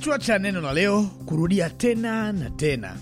Kichwa cha neno la leo: kurudia tena na tena.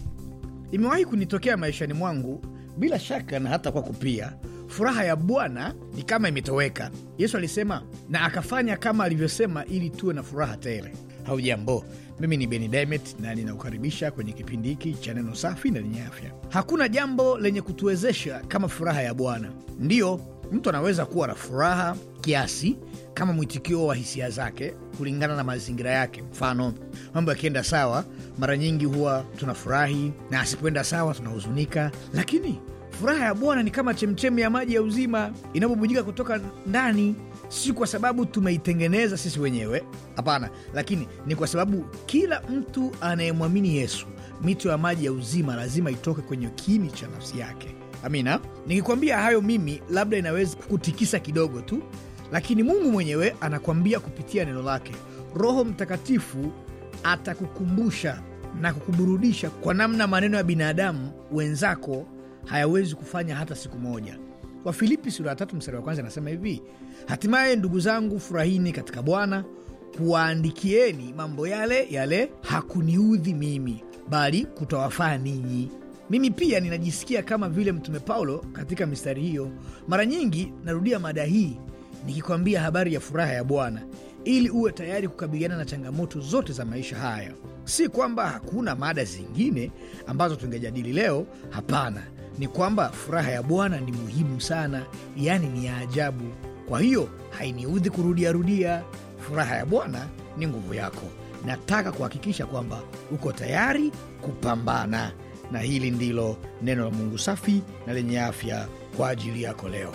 Imewahi kunitokea maishani mwangu, bila shaka na hata kwako pia. Furaha ya Bwana ni kama imetoweka. Yesu alisema na akafanya kama alivyosema, ili tuwe na furaha tele. Haujambo, mimi ni Beni Dimet na ninakukaribisha kwenye kipindi hiki cha neno safi na lenye afya. Hakuna jambo lenye kutuwezesha kama furaha ya Bwana. Ndiyo, mtu anaweza kuwa na furaha kiasi kama mwitikio wa hisia zake kulingana na mazingira yake. Mfano, mambo yakienda sawa, mara nyingi huwa tunafurahi, na asipoenda sawa tunahuzunika. Lakini furaha ya Bwana ni kama chemchemi ya maji ya uzima inapobujika kutoka ndani, si kwa sababu tumeitengeneza sisi wenyewe, hapana, lakini ni kwa sababu kila mtu anayemwamini Yesu, mito ya maji ya uzima lazima itoke kwenye kiini cha nafsi yake. Amina. Nikikwambia hayo mimi, labda inaweza kukutikisa kidogo tu, lakini Mungu mwenyewe anakwambia kupitia neno lake. Roho Mtakatifu atakukumbusha na kukuburudisha kwa namna maneno ya binadamu wenzako hayawezi kufanya hata siku moja. Wafilipi sura tatu mstari wa kwanza anasema hivi: hatimaye ndugu zangu, furahini katika Bwana. Kuwaandikieni mambo yale yale hakuniudhi mimi, bali kutawafaa ninyi. Mimi pia ninajisikia kama vile mtume Paulo katika mistari hiyo. Mara nyingi narudia mada hii nikikwambia habari ya furaha ya Bwana ili uwe tayari kukabiliana na changamoto zote za maisha haya. Si kwamba hakuna mada zingine ambazo tungejadili leo, hapana. Ni kwamba furaha ya Bwana ni muhimu sana, yaani ni ya ajabu. Kwa hiyo hainiudhi kurudiarudia. Furaha ya Bwana ni nguvu yako. Nataka kuhakikisha kwamba uko tayari kupambana, na hili ndilo neno la Mungu safi na lenye afya kwa ajili yako leo.